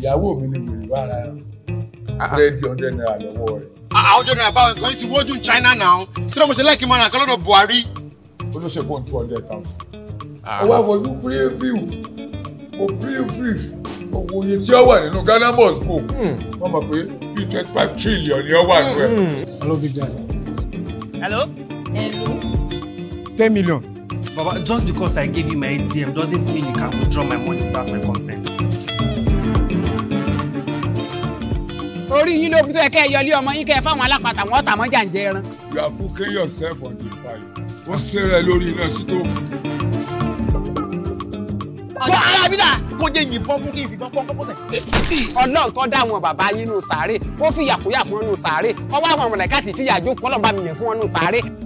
ìyàwó mi ni wèrè bá ara ah, ah. rẹ́ẹ̀dì hundred naira lọ́wọ́ rẹ̀. àwọn ọjọ́ náírà báwọn nǹkan yìí ti wọ́jú China now tí wọ́n mo ṣe láìkí mọ́ra nǹkan lọ́dọ̀ Buhari. olóṣèlú one two hundred thousand. Ah, ó wá fojú preview o preview owó iye tí ó wà nínú Ghana Mosque hmm. kò wọ́n mọ̀ pé bí twenty five trillion ni ó wà nínú ẹ̀. Hmm. hello big daddy. hello. hello. ten million. Baba, just because I gave you my ATM doesn't mean you can withdraw my money without my consent. Orí yín ló fi tó yẹ kẹ́ ẹ yọlé ọmọ yín kẹ́ ẹ fáwọn alápatà wọn tà mọ́ jàǹjẹ́ ẹran. You are cooking yourself on the fire. Wọ́n ṣeré lórí iná sítóòfù. Bọ́ arábídà kó jẹ́ yìnbọn fún kí n fìbọn fọ́n kọ́kọ́sẹ̀. Ọlọ́run tó dá àwọn bàbá yín nù sàárè, ó fìyà kóyà fún wọn nù sàárè, ọwọ́ àwọn ọmọlẹ̀ká ti fìyà jókòó ọlọ́run bá mi yẹn fún wọn nù sàárè.